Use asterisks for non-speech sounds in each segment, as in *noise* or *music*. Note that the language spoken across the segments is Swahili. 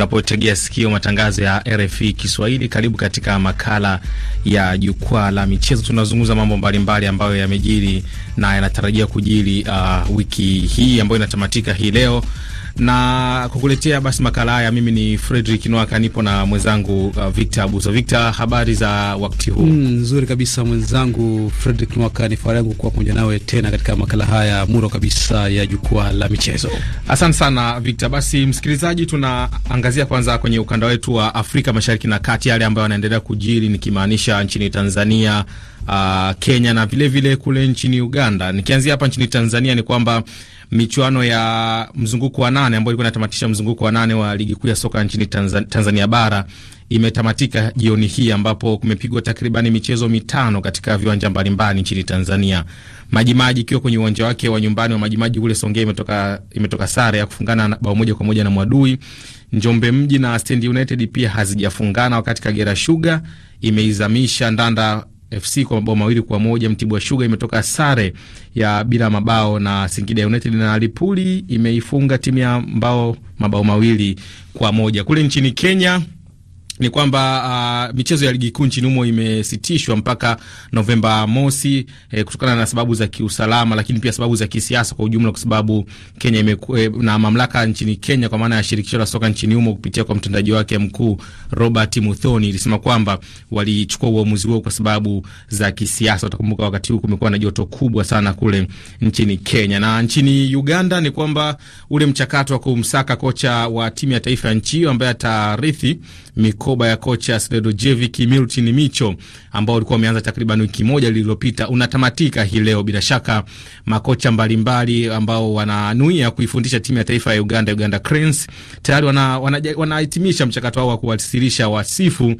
unapotegea sikio matangazo ya RFI Kiswahili. Karibu katika makala ya jukwaa la michezo. Tunazungumza mambo mbalimbali ambayo yamejiri na yanatarajia kujiri uh, wiki hii ambayo inatamatika hii leo na kukuletea basi makala haya. Mimi ni Fredrick Nwaka, nipo na mwenzangu uh, Victor Abuso. Victor, habari za wakati huu? Mm, nzuri kabisa mwenzangu Fredrick Nwaka, ni fahari yangu kuwa pamoja nawe tena katika makala haya muro kabisa ya jukwaa la michezo. Asante sana Victor. Basi msikilizaji, tunaangazia kwanza kwenye ukanda wetu wa Afrika Mashariki na Kati, yale ambayo yanaendelea kujiri, nikimaanisha nchini Tanzania uh, Kenya na vilevile vile kule nchini Uganda. Nikianzia hapa nchini Tanzania ni kwamba michuano ya mzunguko wa nane ambayo ilikuwa inatamatisha mzunguko wa nane wa ligi kuu ya soka nchini Tanzania, Tanzania bara imetamatika jioni hii ambapo kumepigwa takribani michezo mitano katika viwanja mbalimbali nchini Tanzania. Majimaji ikiwa kwenye uwanja wake wa nyumbani wa Majimaji kule Songea imetoka, imetoka sare ya kufungana bao moja kwa moja na Mwadui. Njombe Mji na Stand United pia hazijafungana, wakati Kagera Sugar imeizamisha Ndanda FC kwa mabao mawili kwa moja. Mtibwa Sugar imetoka sare ya bila mabao na Singida United, na Lipuli imeifunga timu ya mbao mabao mawili kwa moja. Kule nchini Kenya ni kwamba uh, michezo ya ligi kuu nchini humo imesitishwa mpaka Novemba mosi eh, kutokana na sababu za kiusalama, lakini pia sababu za kisiasa kwa ujumla, kwa sababu Kenya imeku, eh, na mamlaka nchini Kenya kwa maana ya shirikisho la soka nchini humo kupitia kwa mtendaji wake mkuu Robert Muthoni ilisema kwamba walichukua uamuzi huo kwa sababu za kisiasa. Utakumbuka wakati huu kumekuwa na joto kubwa sana kule nchini Kenya na nchini Uganda, ni kwamba ule mchakato wa kumsaka kocha wa timu ya taifa ya nchi hiyo ambaye atarithi miko mikoba ya kocha Sredojevic Milutin Micho ambao ulikuwa umeanza takriban wiki moja lililopita unatamatika hii leo. Bila shaka makocha mbalimbali mbali ambao wananuia kuifundisha timu ya taifa ya Uganda, Uganda Cranes, tayari wanahitimisha wana, wana mchakato wao wa kuwasilisha wasifu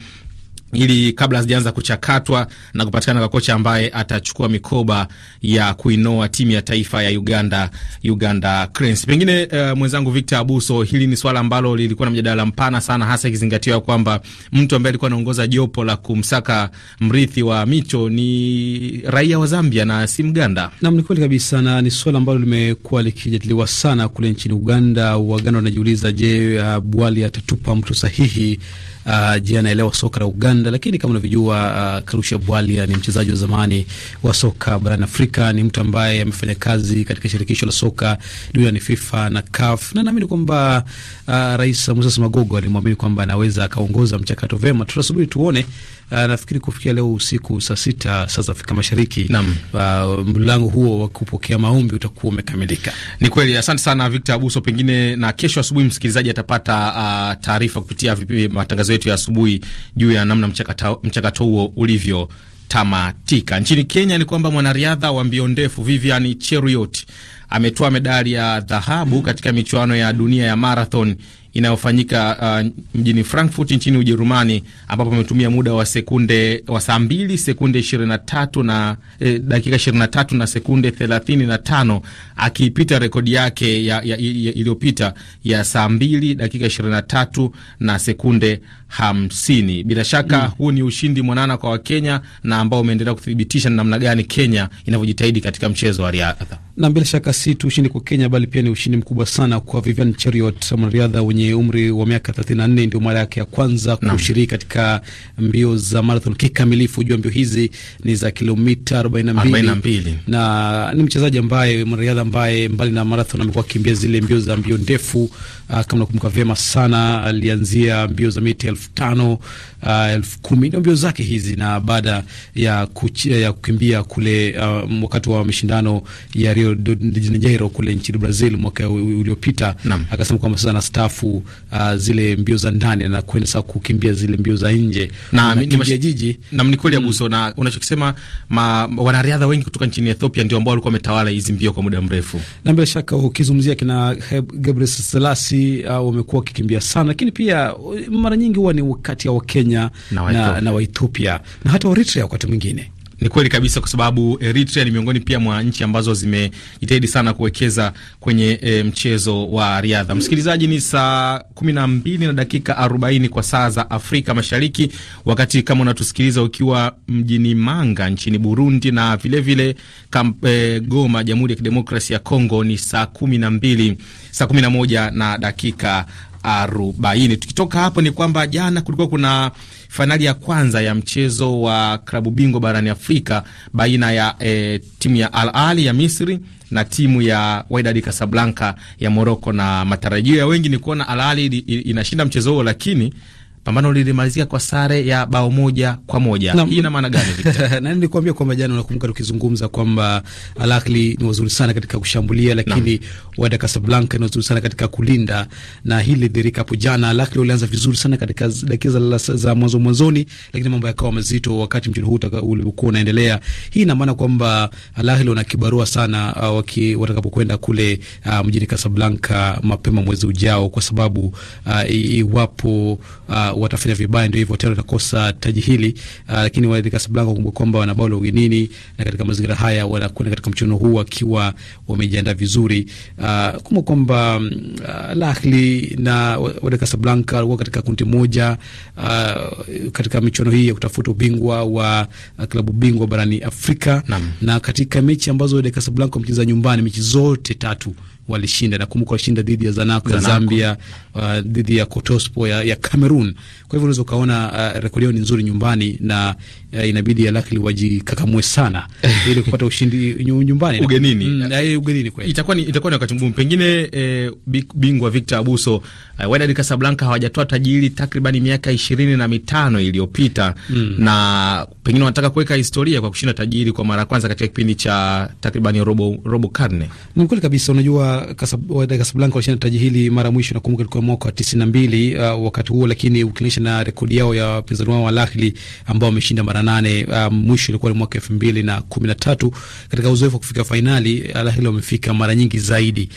ili kabla hazijaanza kuchakatwa na kupatikana kwa kocha ambaye atachukua mikoba ya kuinoa timu ya taifa ya Uganda, Uganda Cranes. Pengine uh, mwenzangu Victor Abuso, hili ni swala ambalo lilikuwa na mjadala mpana sana, hasa ikizingatiwa kwamba mtu ambaye alikuwa anaongoza jopo la kumsaka mrithi wa Micho ni raia wa Zambia na si Mganda. Naam, ni kweli kabisa, na ni swala ambalo limekuwa likijadiliwa sana kule nchini Uganda. Waganda wanajiuliza, je, uh, Bwali atatupa mtu sahihi Uh, je, anaelewa soka la Uganda? Lakini kama unavyojua, uh, Karusha Bwalia ni mchezaji wa zamani wa soka barani Afrika, ni mtu ambaye amefanya kazi katika shirikisho la soka duniani FIFA na CAF, na naamini kwamba uh, Rais Musa magogo alimwamini kwamba anaweza akaongoza mchakato vema. Tutasubiri tuone uh, nafikiri kufikia leo usiku saa sita saa za Afrika Mashariki Uh, mlango huo wa kupokea maombi utakuwa umekamilika. Ni kweli, asante sana Victor Abuso. Pengine na kesho asubuhi msikilizaji atapata uh, taarifa kupitia matangazo yetu ya asubuhi juu ya namna mchakato huo ulivyo tamatika. Nchini Kenya ni kwamba mwanariadha wa mbio ndefu Vivian Cheruiyot ametoa medali ya dhahabu katika michuano ya dunia ya marathon inayofanyika uh, mjini Frankfurt nchini Ujerumani, ambapo ametumia muda wa sekunde wa saa mbili sekunde 23 na na eh, dakika 23 na sekunde 35 akipita akiipita rekodi yake ya, ya, ya, iliyopita ya saa mbili dakika 23 na sekunde hamsini. Bila shaka mm, huu ni ushindi mwanana kwa Wakenya na ambao umeendelea kuthibitisha namna gani Kenya inavyojitahidi katika mchezo wa riadha na bila shaka si tu ushindi kwa Kenya bali pia ni ushindi mkubwa sana kwa Vivian Cheriot, mwanariadha mwenye umri wa miaka 34. Ndio mara yake ya kwanza kushiriki katika mbio za marathon kikamilifu. Jua mbio hizi ni za kilomita 42, na ni mchezaji ambaye, mwanariadha ambaye mbali na marathon amekuwa akimbia zile mbio za mbio ndefu uh, kama nakumbuka vyema sana, alianzia mbio za mita elfu tano uh, elfu kumi ndio mbio zake hizi, na baada ya, kuchi, ya kukimbia kule uh, wakati wa mashindano ya Rio de Janeiro kule nchini Brazil mwaka uliopita, akasema kwamba sasa anastaafu uh, zile mbio za ndani na kwenda sasa kukimbia zile mbio za nje na kimbia jiji. na ni kweli Abuso, mm. na unachokisema wanariadha wengi kutoka nchini Ethiopia ndio ambao walikuwa wametawala hizi mbio kwa muda mrefu, na bila shaka ukizungumzia kina Gabriel Selassie au wamekuwa wakikimbia sana, lakini pia mara nyingi huwa ni kati ya Wakenya na Waethiopia na, na, wa na hata Waeritrea wakati mwingine. Ni kweli kabisa, kwa sababu Eritrea ni miongoni pia mwa nchi ambazo zimejitahidi sana kuwekeza kwenye e, mchezo wa riadha. Msikilizaji, ni saa kumi na mbili na dakika arobaini kwa saa za Afrika Mashariki, wakati kama unatusikiliza ukiwa mjini Manga nchini Burundi na vilevile vile e, Goma, Jamhuri ya Kidemokrasia ya Kongo, ni saa kumi na mbili saa kumi na moja na dakika arobaini. Tukitoka hapo ni kwamba jana kulikuwa kuna fainali ya kwanza ya mchezo wa klabu bingwa barani Afrika baina ya e, timu ya Al Ahly ya Misri na timu ya Wydad Casablanca ya Morocco, na matarajio ya wengi ni kuona Al Ahly inashinda mchezo huo, lakini pambano lilimalizika kwa sare ya bao moja kwa moja. Hii ina maana gani Victor? *laughs* Na nilikwambia kwamba jana, unakumbuka tukizungumza kwamba Al Ahly ni wazuri sana katika kushambulia, lakini Wydad Casablanca ni wazuri sana katika kulinda, na hili lilidhihirika hapo jana. Al Ahly walianza vizuri sana katika dakika za mwanzo mwanzoni, lakini mambo yakawa mazito wakati mchezo huu ulikuwa unaendelea. Hii ina maana kwamba Al Ahly wana kibarua sana uh, watakapokwenda kule uh, mjini Casablanca mapema mwezi ujao, kwa sababu uh, iwapo uh, watafanya vibaya, ndio hivyo tena watakosa taji hili uh, lakini wale Casablanca kumbuka kwamba wana bao la ugenini, na katika mazingira haya wanakwenda katika mchuano huu wakiwa wamejiandaa vizuri uh, kumbuka kwamba uh, Al Ahly na wale Casablanca walikuwa katika kundi moja uh, katika michuano hii ya kutafuta ubingwa wa uh, klabu bingwa barani Afrika na, na katika mechi ambazo wale Casablanca wamecheza nyumbani mechi zote tatu walishinda. Nakumbuka walishinda dhidi ya Zanaco ya Zambia, uh, dhidi ya Kotospo ya, ya Cameroon. Kwa hivyo unaweza ukaona uh, rekodi yao ni nzuri nyumbani na Eh, ya inabidi Al-Ahly wajikakamue sana *laughs* ili kupata ushindi nyumbani ugenini. Mm, uh, ugenini kweli itakuwa ni itakuwa ni wakati mgumu pengine. Eh, bingwa Victor Abuso uh, Wydad Casablanca hawajatoa taji hili takriban miaka ishirini na mitano iliyopita mm. na pengine wanataka kuweka historia kwa kushinda tajiri kwa mara ya kwanza katika kipindi cha takriban robo robo karne. Ni kweli kabisa, unajua Kasab, Wydad Casablanca walishinda taji hili mara mwisho nakumbuka ilikuwa mwaka wa mbili uh, wakati huo, lakini ukilinganisha na rekodi yao ya wapinzani wao Al-Ahly ambao wameshinda mara na nane um, mwisho ilikuwa ni mwaka elfu mbili na kumi na tatu. Katika uzoefu wa kufika fainali Al Ahly wamefika mara nyingi zaidi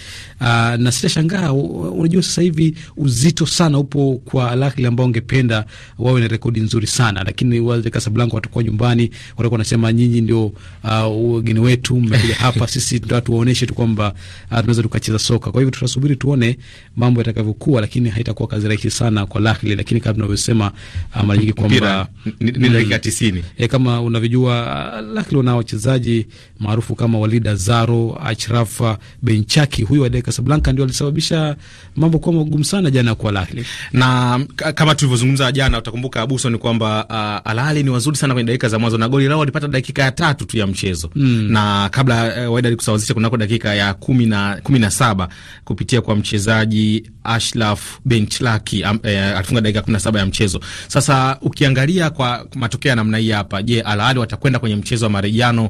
uh, na sitashangaa. Unajua, sasa hivi uzito sana upo kwa Al Ahly ambao ungependa wawe na rekodi nzuri sana, lakini wale Casablanca watakuwa nyumbani, watakuwa wanasema nyinyi ndio uh, wageni uh, wetu, mmekuja hapa *laughs* sisi tuwaoneshe tu kwamba uh, tunaweza tukacheza soka. Kwa hivyo tutasubiri tuone mambo yatakavyokuwa, lakini haitakuwa kazi rahisi sana kwa Al Ahly, lakini kama tunavyosema uh, mara nyingi kwamba ni dakika tisini nchini e, eh, kama unavyojua lakini wana wachezaji maarufu kama Walida Zaro, Achraf Benchaki, huyu wa Dakar Casablanca ndio alisababisha mambo kuwa magumu sana jana kwa al Na kama tulivyozungumza jana, utakumbuka Abuso, ni kwamba uh, al ni wazuri sana kwenye dakika za mwanzo na goli lao walipata dakika ya tatu tu ya mchezo mm. na kabla uh, Wydad kusawazisha kunako dakika ya kumi na, kumi na saba kupitia kwa mchezaji Ashraf Benchaki um, uh, alifunga dakika kumi na saba ya mchezo. Sasa ukiangalia kwa matokeo ya namna hii hapa. Je, Al Ahly watakwenda kwenye mchezo wa marejano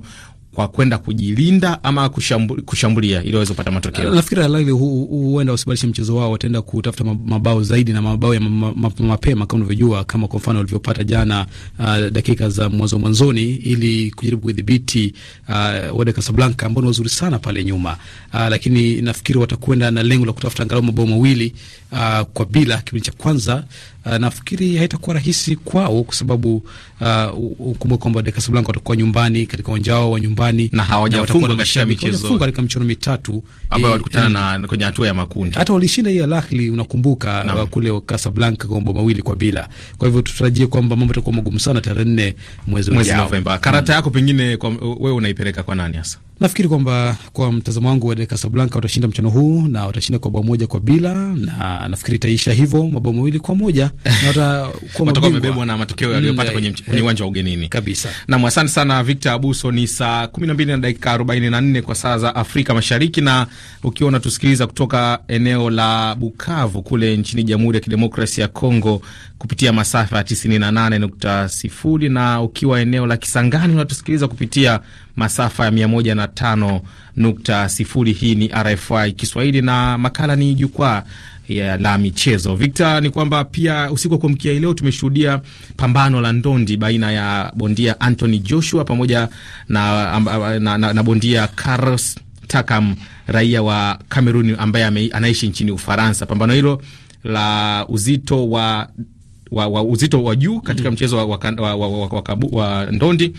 kwa kwenda kujilinda ama kushambulia, kushambulia ili waweze kupata matokeo. Nafikiri Al Ahly huenda wasibadilishe mchezo wao, wataenda kutafuta mabao zaidi na mabao ya mapema ma, ma, ma, kama unavyojua, kama kwa mfano walivyopata jana, uh, dakika za mwanzo mwanzoni, ili kujaribu kudhibiti uh, Wydad Casablanca ambao ni wazuri sana pale nyuma uh, lakini nafikiri watakwenda na lengo la kutafuta angalau mabao mawili uh, kwa bila kipindi cha kwanza Uh, nafikiri haitakuwa rahisi kwao kwa sababu uh, ukumbuke kwamba de Casablanca watakuwa nyumbani katika uwanja wao wa nyumbani na hawajafungwa katika michezo katika michezo mitatu ambayo eh, walikutana eh, na kwenye hatua ya makundi. Hata walishinda hiyo Al Ahly, unakumbuka na uh, kule Casablanca kwa mabao mawili kwa bila. Kwa hivyo tutarajie kwamba mambo yatakuwa magumu sana tarehe 4 mwezi wa Novemba. Karata yako pengine kwa, wewe unaipeleka kwa nani hasa? Nafikiri kwamba kwa mtazamo wangu wa Casablanca watashinda mchano huu na watashinda kwa bao moja kwa bila, na nafikiri itaisha hivyo mabao mawili kwa moja na *laughs* watakuwa wamebebwa na matokeo mm, yaliyopata kwenye uwanja wa ugenini kabisa. Nam, asante sana Victor Abuso. Ni saa kumi na mbili na dakika arobaini na nne kwa saa za Afrika Mashariki, na ukiwa unatusikiliza kutoka eneo la Bukavu kule nchini Jamhuri ya Kidemokrasia ya Kongo kupitia masafa ya 98.0 na ukiwa eneo la Kisangani unatusikiliza kupitia masafa ya 105.0. Hii ni RFI Kiswahili na makala ni jukwaa ya la michezo. Victor, ni kwamba pia usiku wa kuamkia leo tumeshuhudia pambano la ndondi baina ya bondia Anthony Joshua pamoja na, na, na, na bondia Carlos Takam raia wa Cameroon ambaye anaishi nchini Ufaransa. Pambano hilo la uzito wa wa, wa uzito wa juu katika mm. mchezo wa, wa, wa, wa, wa, wa, wa ndondi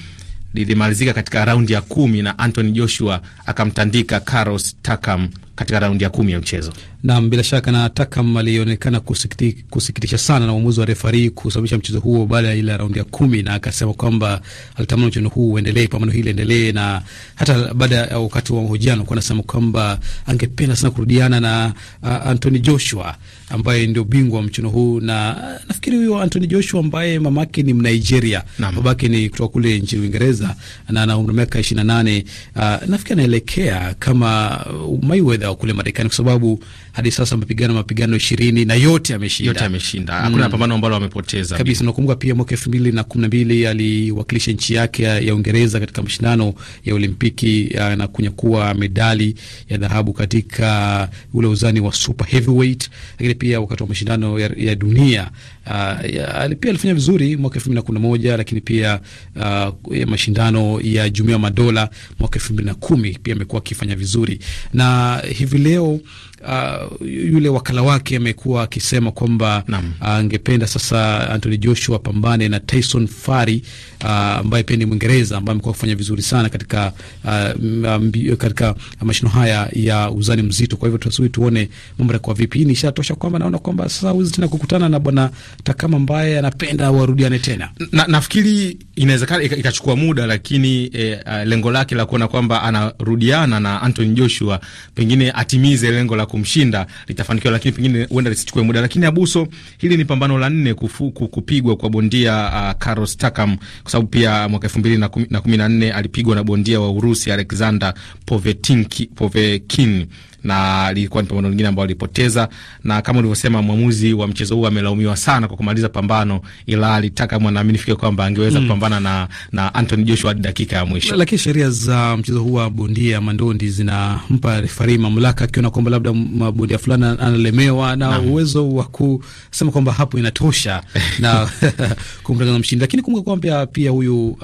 lilimalizika katika raundi ya kumi na Anthony Joshua akamtandika Carlos Takam katika raundi ya kumi ya mchezo. Nam, bila shaka na Takam alionekana kusikiti, kusikitisha sana na uamuzi wa refari kusababisha mchezo huo baada ya ile raundi ya kumi, na akasema kwamba alitamani mchezo huu uendelee, pambano hili endelee, na hata baada ya wakati wa mahojiano kuwa anasema kwamba angependa sana kurudiana na uh, Anthony Joshua ambaye ndio bingwa wa mchezo huu, na nafikiri huyo Anthony Joshua ambaye mamake ni Mnigeria, babake ni kutoka kule nchini Uingereza na ana umri miaka 28 uh, nafikiri anaelekea kama Mayweather kule Marekani kwa sababu hadi sasa mapigano mapigano ishirini na yote ameshinda, yote ameshinda. hakuna mm. pambano ambalo amepoteza kabisa. Nakumbuka pia mwaka elfu mbili na kumi na mbili aliwakilisha nchi yake ya Uingereza katika mashindano ya Olimpiki uh, na kunyakua medali ya dhahabu katika ule uzani wa super heavyweight, lakini pia wakati wa mashindano ya, ya dunia uh, pia alifanya vizuri mwaka elfu mbili na na kumi moja lakini pia uh, ya mashindano ya Jumuiya ya Madola mwaka elfu mbili na kumi pia amekuwa akifanya vizuri, na hivi leo uh, yule wakala wake amekuwa akisema kwamba angependa uh, sasa Anthony Joshua pambane na Tyson Fury ambaye uh, pia ni Mwingereza ambaye amekuwa kufanya vizuri sana katika uh, katika mashindano haya ya uzani mzito. Kwa hivyo tutasubiri tuone mambo yatakuwa vipi. Hii ni ishara tosha kwamba naona kwamba sasa huwezi tena kukutana na bwana takama mbaye ambaye anapenda warudiane tena. Na, nafikiri inawezekana ikachukua muda, lakini e, lengo lake la kuona kwamba anarudiana na Anthony Joshua pengine atimize lengo la kumshinda litafanikiwa, lakini pengine huenda lisichukue muda. Lakini Abuso, hili ni pambano la nne kupigwa kwa bondia uh, Carlos Takam, kwa sababu pia mwaka elfu mbili na kumi na nne alipigwa na bondia wa Urusi Alexander povekin na lilikuwa ni pambano lingine ambao walipoteza, na kama ulivyosema, mwamuzi wa mchezo huu amelaumiwa sana kwa kumaliza pambano, ila alitaka mwanaamini fike kwamba angeweza mm. kupambana na, na Anthony Joshua hadi dakika ya mwisho, lakini sheria za mchezo huu wa bondia mandondi zinampa refari mamlaka, akiona kwamba labda mabondia fulani analemewa na uwezo wa kusema kwamba hapo inatosha *laughs* na *laughs* kumtangaza mshindi. Lakini kumbuka kwamba pia huyu uh,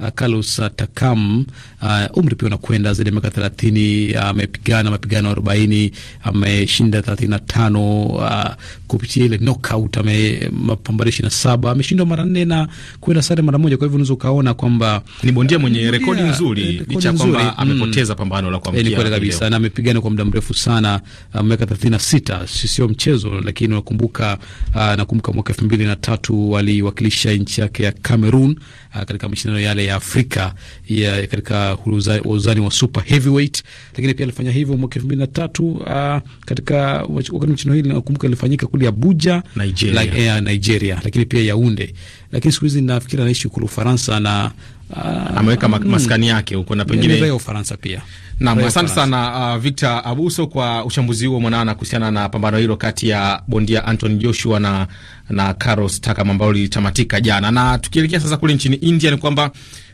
uh, Carlos Takam uh, umri pia unakwenda zaidi ya miaka 30 uh, amepigana uh, mapigano mashindano 40 ameshinda 35, uh, ah, kupitia ile knockout ame mapambano 27, ameshinda mara nne na kwenda sare mara moja. Kwa hivyo unaweza ukaona kwamba ni bondia mwenye eh, rekodi nzuri eh, licha kwamba amepoteza mm. pambano la kuamkia. Eh, ni kweli kabisa, na amepigana kwa muda mrefu sana, ah, miaka 36, sio mchezo. Lakini nakumbuka uh, ah, nakumbuka mwaka 2003 aliwakilisha nchi yake ya Cameroon uh, katika mashindano yale ya Afrika ya katika uzani wa super heavyweight, lakini pia alifanya hivyo mwaka 2000 na tatu uh, katika wakati mchino hili nakumbuka ilifanyika kule Abuja Nigeria. La, eh, Nigeria, lakini pia Yaunde, lakini siku hizi nafikiri anaishi kule Ufaransa na Uh, ameweka mm, maskani yake huko na pengine ya Ufaransa pia. Naam, asante sana uh, Victor Abuso kwa uchambuzi huo mwanana kuhusiana na pambano hilo kati ya bondia Anthony Joshua na na Carlos Takam ambao lilitamatika jana. Na tukielekea sasa kule nchini India ni kwamba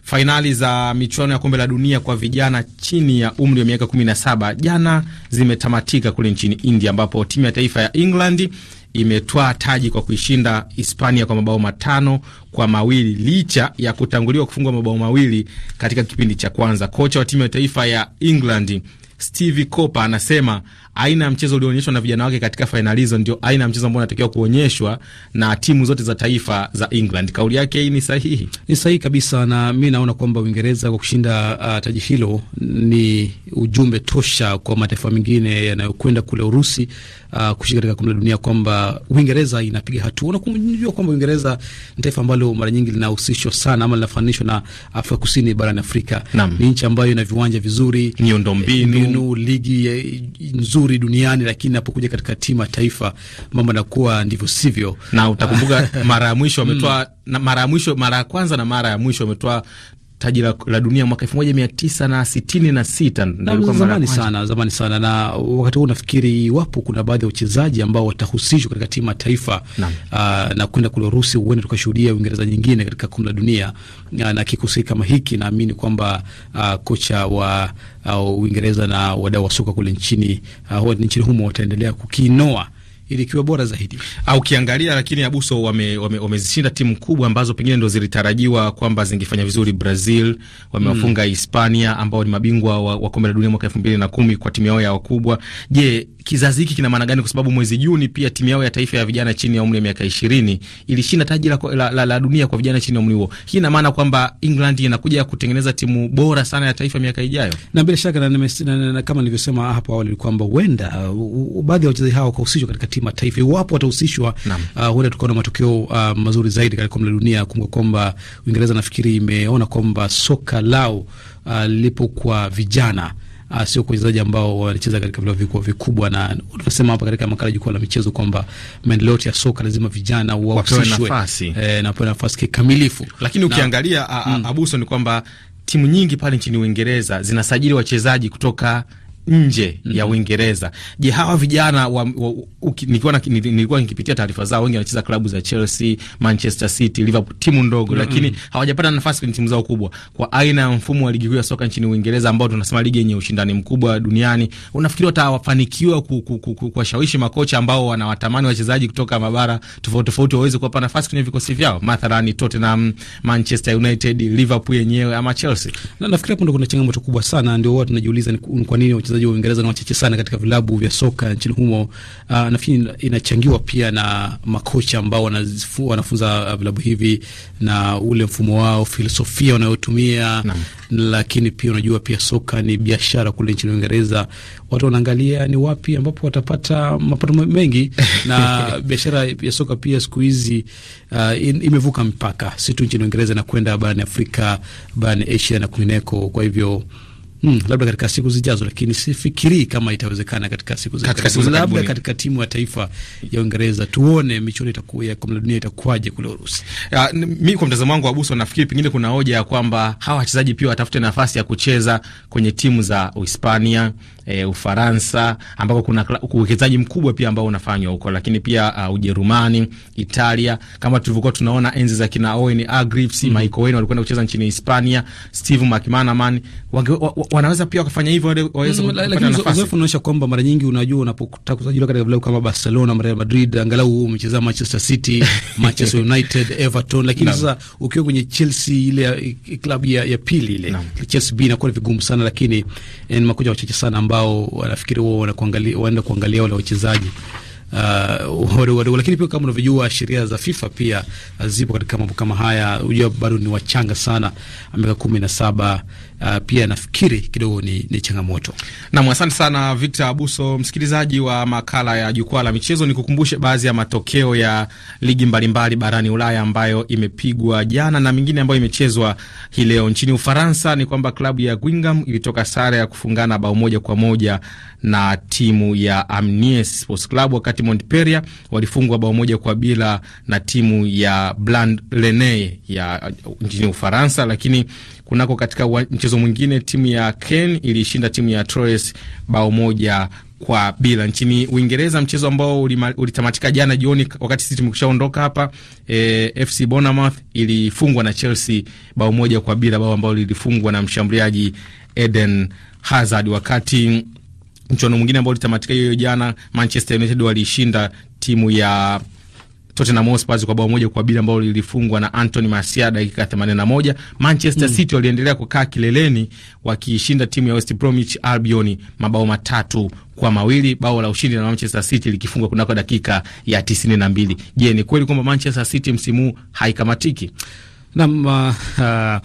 Fainali za michuano ya kombe la dunia kwa vijana chini ya umri wa miaka 17 jana zimetamatika kule nchini India, ambapo timu ya taifa ya England imetwaa taji kwa kuishinda Hispania kwa mabao matano kwa mawili licha ya kutanguliwa kufungwa mabao mawili katika kipindi cha kwanza. Kocha wa timu ya taifa ya England Steve Cooper anasema aina ya mchezo ulioonyeshwa na vijana wake katika fainali hizo ndio aina ya mchezo ambao unatakiwa kuonyeshwa na timu zote za taifa za England. Kauli yake hii ni sahihi, ni sahihi kabisa, na mi naona kwamba Uingereza kwa kushinda uh, taji hilo ni ujumbe tosha kwa mataifa mengine yanayokwenda kule Urusi uh, kushika katika kombe la dunia kwamba Uingereza inapiga hatua. Unakumjua kwamba Uingereza ni taifa ambalo mara nyingi linahusishwa sana ama linafananishwa na Afrika Kusini barani Afrika. Ni nchi ambayo ina viwanja vizuri, miundombinu, ligi eh, nzuri nzuri duniani, lakini napokuja katika timu ya taifa mambo yanakuwa ndivyo sivyo. Na utakumbuka *laughs* mara ya mwisho wametoa mm. mara ya mwisho, mara ya kwanza na mara ya mwisho wametoa taji la, la dunia mwaka na sita zamani sana, zamani sana. Na wakati huo nafikiri iwapo kuna baadhi ya wachezaji ambao watahusishwa katika timu ya taifa na, ah, na kwenda kule Urusi, huenda tukashuhudia Uingereza nyingine katika kombe la dunia na, ah, na kikosi kama hiki, naamini kwamba uh, kocha wa uh, Uingereza na wadau wa soka kule nchini uh, nchini humo wataendelea kukiinoa ilikiwa bora zaidi au ukiangalia. Lakini Abuso wamezishinda wame, wame timu kubwa ambazo pengine ndo zilitarajiwa kwamba zingefanya vizuri. Brazil wamewafunga mm. Hispania ambao ni mabingwa wa, wa kombe la dunia mwaka elfu mbili na kumi kwa timu yao ya wakubwa. Je, kizazi hiki kina maana gani? Kwa sababu mwezi Juni pia timu yao ya taifa ya vijana chini ya umri wa miaka ishirini ilishinda taji la, la, la, la dunia kwa vijana chini ya umri huo. Hii ina maana kwamba England inakuja kutengeneza timu bora sana ya taifa miaka ijayo, na bila shaka na, na, na, na, na, kama nilivyosema hapo awali kwamba huenda uh, baadhi ya wachezaji hawa wakahusishwa katika kimataifa. Iwapo watahusishwa, uh, huenda uh, tukaona matokeo uh, mazuri zaidi katika kombe la dunia. Kumbuka kwamba Uingereza nafikiri imeona kwamba soka lao uh, lipo kwa vijana Uh, sio kwa wachezaji ambao wanacheza katika vilabu vikubwa vikubwa, na tunasema hapa katika makala jukwaa la michezo kwamba maendeleo yote ya soka lazima vijana wahusishwe eh, na wapewe nafasi kikamilifu. Lakini ukiangalia mm, Abuso, ni kwamba timu nyingi pale nchini Uingereza zinasajili wachezaji kutoka nje mm -hmm. ya Uingereza. Je, hawa vijana wa, wa, nilikuwa, nilikuwa nikipitia taarifa zao, wengi wanacheza klabu za Chelsea, Manchester City, Liverpool, timu ndogo mm -hmm. lakini hawajapata nafasi kwenye timu zao kubwa. Kwa aina ya mfumo wa ligi kuu ya soka nchini Uingereza ambao tunasema ligi yenye ushindani mkubwa duniani, unafikiri watawafanikiwa kuwashawishi makocha ambao wanawatamani wachezaji kutoka mabara tofauti tofauti waweze kuwapa nafasi kwenye vikosi vyao, mathalani Tottenham, Manchester United, Liverpool yenyewe ama Chelsea? Na nafikiri hapo ndo kuna changamoto kubwa sana, ndio watu tunajiuliza ni kwa nini wachezaji wachezaji wa Uingereza ni wachache sana katika vilabu vya soka nchini humo. Uh, nafikiri inachangiwa pia na makocha ambao wanafunza vilabu hivi na ule mfumo wao, filosofia wanayotumia, na, lakini pia unajua, pia soka ni biashara kule nchini Uingereza. Watu wanaangalia ni wapi ambapo watapata mapato mengi *laughs* na biashara ya soka pia siku hizi uh, imevuka mpaka si tu nchini Uingereza na kwenda barani Afrika, barani Asia na kwingineko, kwa hivyo Hmm, labda katika siku zijazo, lakini sifikiri kama itawezekana katika siku zijazo, katika siku labda katika timu ya taifa ya Uingereza. Tuone michuano itakuwa ya kombe la dunia itakuwaje kule Urusi. Ah, mi kwa mtazamo wangu wa Buso, nafikiri pengine kuna hoja ya kwamba hawa wachezaji pia watafute nafasi ya kucheza kwenye timu za Uhispania, e, Ufaransa ambako kuna uwekezaji mkubwa pia ambao unafanywa huko, lakini pia uh, Ujerumani, Italia, kama tulivyokuwa tunaona enzi za kina Owen Agrips, mm -hmm. Michael Owen walikwenda kucheza nchini Hispania, Steve McManaman wanaweza pia wakafanya hivyo, waweza mm, kupata nafasi. Uzoefu unaonyesha kwamba mara nyingi, unajua, unapotaka kusajiliwa katika vilabu kama Barcelona, Real Madrid, angalau umecheza Manchester City, *laughs* Manchester United, Everton, lakini sasa ukiwa kwenye Chelsea, ile eh, klabu ya, ya pili ile no. Chelsea B inakuwa vigumu sana, lakini eh, ni makocha wachache sana ambao wanafikiri wao wanakuangalia, waenda kuangalia wale wachezaji Uh, wadu wadu. lakini pia kama unavyojua sheria za FIFA pia uh, zipo katika mambo kama haya. Unajua bado ni wachanga sana, miaka kumi na saba uh, pia nafikiri kidogo ni, ni changamoto. Nam, asante sana Victor Abuso. Msikilizaji wa makala ya jukwaa la michezo, ni kukumbushe baadhi ya matokeo ya ligi mbalimbali barani Ulaya ambayo imepigwa jana na mingine ambayo imechezwa hii leo. Nchini Ufaransa ni kwamba klabu ya Gwingham ilitoka sare ya kufungana bao moja kwa moja na timu ya Amnies Sports Club, wakati Montpellier walifungwa bao moja kwa bila na timu ya Blanc Lene ya nchini Ufaransa, lakini Kunako katika mchezo mwingine, timu ya Ken ilishinda timu ya Troyes bao moja kwa bila nchini Uingereza, mchezo ambao ulitamatika jana jioni wakati sisi tumekushaondoka hapa. E, FC Bournemouth ilifungwa na Chelsea bao moja kwa bila, bao ambao lilifungwa na mshambuliaji Eden Hazard. Wakati mchuano mwingine ambao ulitamatika hiyo jana, Manchester United walishinda timu ya Tottenham Hotspur kwa bao moja kwa bila ambao lilifungwa na Anthony Martial dakika 81. Manchester mm. City waliendelea kukaa kileleni wakiishinda timu ya West Bromwich Albion mabao matatu kwa mawili, bao la ushindi na Manchester City likifungwa kunako dakika ya 92. Je, ni kweli kwamba Manchester City msimu huu haikamatiki? nam uh, uh,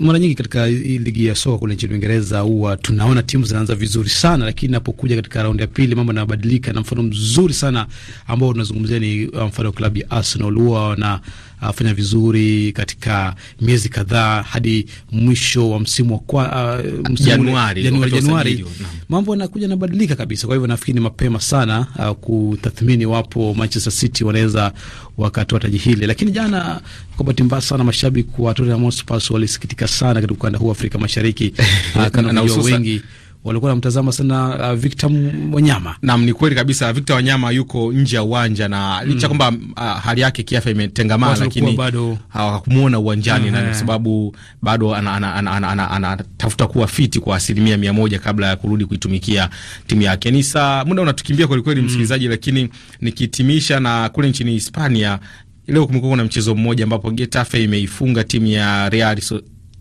mara nyingi katika ligi ya soka kule nchini Uingereza huwa tunaona timu zinaanza vizuri sana, lakini inapokuja katika raundi ya pili mambo yanabadilika, na mfano mzuri sana ambao tunazungumzia ni uh, mfano wa klabu ya Arsenal huwa na afanya fanya vizuri katika miezi kadhaa hadi mwisho wa msimu wa kwa, uh, Januari, Januari, Januari, Januari mambo yanakuja yanabadilika kabisa. Kwa hivyo nafikiri ni mapema sana uh, kutathmini wapo Manchester City wanaweza wakatoa taji hili, lakini jana kwa bahati mbaya sana mashabiki wa Tottenham Hotspur walisikitika sana katika ukanda huu Afrika Mashariki *laughs* uh, kana wengi walikuwa wanamtazama sana uh, Victor Wanyama. Naam, ni kweli kabisa, Victor Wanyama yuko nje ya uwanja na mm. licha kwamba uh, hali yake kiafya imetengamana, lakini bado hawakumuona uwanjani na sababu bado anatafuta kuwa fiti kwa asilimia mia moja kabla ya kurudi kuitumikia timu yake. Ni saa muda unatukimbia kwelikweli, mm. msikilizaji mm. lakini nikitimisha na kule nchini Hispania leo kumekuwa kuna mchezo mmoja ambapo Getafe imeifunga timu ya Real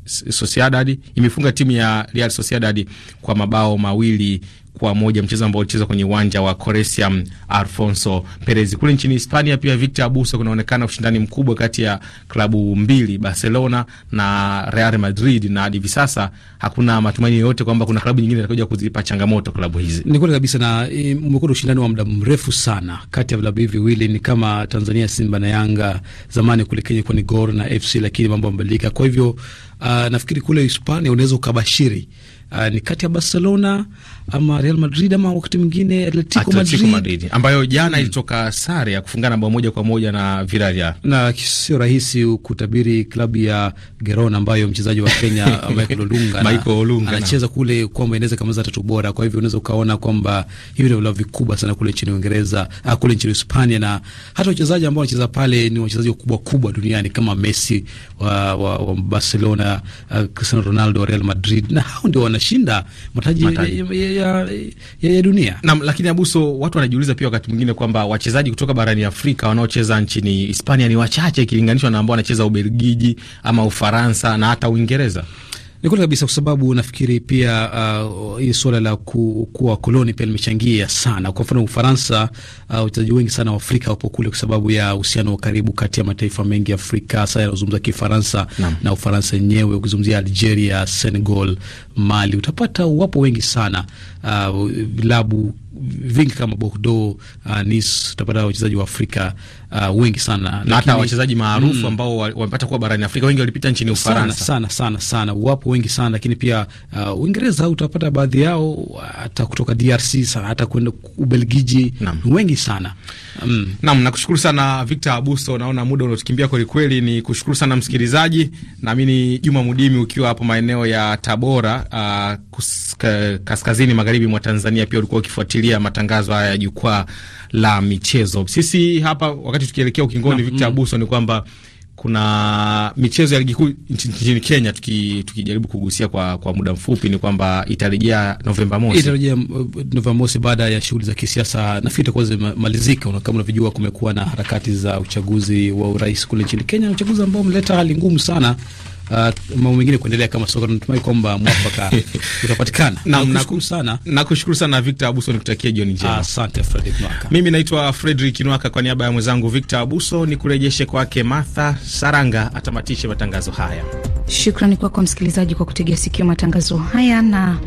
Sociedad imefunga timu ya Real Sociedad kwa mabao mawili kwa moja, mchezo ambao ulichezwa kwenye uwanja wa Koresia um, Alfonso Perez. Kule nchini Hispania pia, Victor Abuso, kunaonekana ushindani mkubwa kati ya klabu mbili, Barcelona na Real Madrid, na hadi hivi sasa hakuna matumaini yoyote kwamba kuna klabu nyingine itakayokuja kuzipa changamoto klabu hizi. Ni kweli kabisa, na e, umekuwa ushindani wa muda mrefu sana kati ya vilabu hivi viwili, ni kama Tanzania Simba na Yanga, zamani kule Kenya kwa ni Gor na FC, lakini mambo yamebadilika. Kwa hivyo uh, nafikiri kule Hispania unaweza ukabashiri Uh, ni kati ya Barcelona ama Real Madrid ama wakati mwingine Atletico Madrid, Madrid ambayo jana hmm. ilitoka mm, sare ya kufungana bao moja kwa moja na Villarreal, na sio rahisi kutabiri klabu ya Girona ambayo mchezaji wa Kenya *laughs* Michael Olunga Michael Olunga anacheza kule kwamba inaweza kama za tatu bora. Kwa hivyo unaweza ukaona kwamba hivi ndio vilabu vikubwa sana kule nchini Uingereza, uh, kule nchini Hispania, na hata wachezaji ambao wanacheza pale ni wachezaji wakubwa kubwa duniani kama Messi wa, wa, wa Barcelona, uh, Cristiano Ronaldo wa Real Madrid, na hao ndio wana yanashinda mataji, mataji. Ya, ya, ya, ya dunia. na, lakini Abuso, watu wanajiuliza pia wakati mwingine kwamba wachezaji kutoka barani Afrika wanaocheza nchini Hispania ni wachache ikilinganishwa na ambao wanacheza Ubelgiji ama Ufaransa na hata Uingereza. Ni kweli kabisa, kwa sababu nafikiri pia uh, hii uh, suala la ku, kuwa koloni pia limechangia sana. Kwa mfano Ufaransa, uh, wachezaji wengi sana wa Afrika wapo kule kwa sababu ya uhusiano wa karibu kati ya mataifa mengi ya Afrika, hasa yanaozungumza Kifaransa na, na Ufaransa yenyewe. Ukizungumzia Algeria, Senegal, Mali, utapata wapo wengi sana uh, vilabu uh, vingi kama Bordo uh, Nice, utapata wachezaji wa Afrika uh, wengi sana na hata wachezaji maarufu mm, ambao wamepata kuwa barani Afrika wengi walipita nchini Ufaransa sana sana sana, sana. Wapo wengi sana lakini pia uh, Uingereza utapata baadhi yao hata kutoka DRC sana hata kwenda Ubelgiji wengi sana mm. Naam, nakushukuru sana Victor Abuso, naona muda unaotukimbia kweli kweli. Ni kushukuru sana msikilizaji, nami ni Juma Mudimi ukiwa hapo maeneo ya Tabora uh, kaskazini magharibi mwa Tanzania, pia ulikuwa ukifuatilia kufuatilia matangazo haya ya jukwaa la michezo. Sisi hapa wakati tukielekea ukingoni, no, mm. Abuso, ni kwamba kuna michezo ya ligi kuu nchini Kenya tukijaribu tuki kugusia kwa, kwa muda mfupi ni kwamba itarejea Novemba mosi, itarejea uh, Novemba mosi baada ya shughuli za kisiasa nafikiri itakuwa zimemalizika. Kama unavyojua, kumekuwa na harakati za uchaguzi wa urais kule nchini Kenya, uchaguzi ambao umeleta hali ngumu sana uh, mambo mengine kuendelea kama soka. Natumai kwamba mwafaka *laughs* utapatikana. Nakushukuru sana, nakushukuru sana Victor Abuso, nikutakia jioni njema. Ah, asante Fredrick Nwaka. Mimi naitwa Fredrick Nwaka, kwa niaba ya mwenzangu Victor Abuso nikurejeshe kwake Martha Saranga atamatishe matangazo haya. Shukrani kwako msikilizaji kwa kutegea sikio matangazo haya na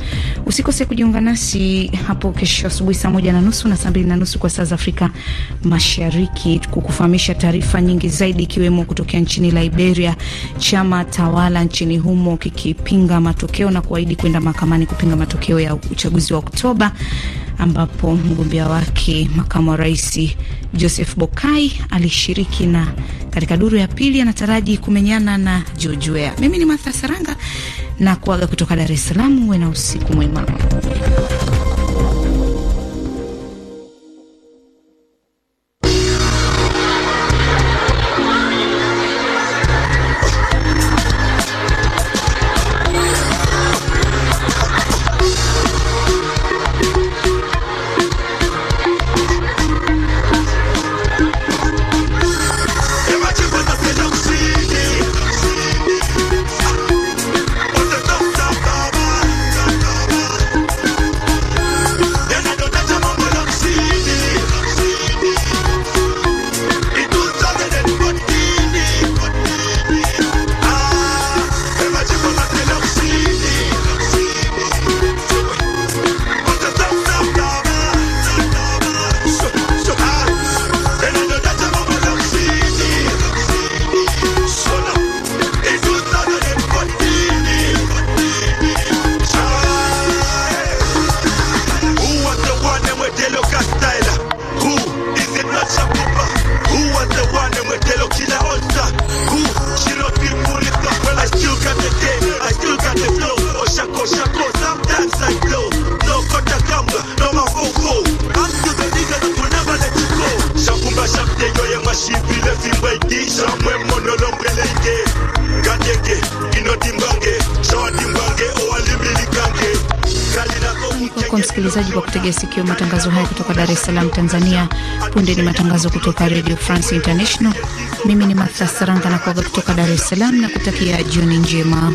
Usikose kujiunga nasi hapo kesho asubuhi saa moja na nusu na saa mbili na nusu kwa saa za Afrika Mashariki, kukufahamisha taarifa nyingi zaidi, ikiwemo kutokea nchini Liberia, chama tawala nchini humo kikipinga matokeo na kuahidi kwenda mahakamani kupinga matokeo ya uchaguzi wa Oktoba ambapo mgombea wake makamu wa rais Joseph Bokai alishiriki na katika duru ya pili anataraji kumenyana na George Weah. Mimi ni Martha Saranga na kuaga kutoka Dar es Salaam. Uwe na usiku mwema. msikilizaji, kwa kutegea sikio matangazo haya kutoka Dar es Salaam, Tanzania. Punde ni matangazo kutoka Radio France International. Mimi ni Martha Saranga na kuaga kutoka Dar es Salaam na kutakia jioni njema.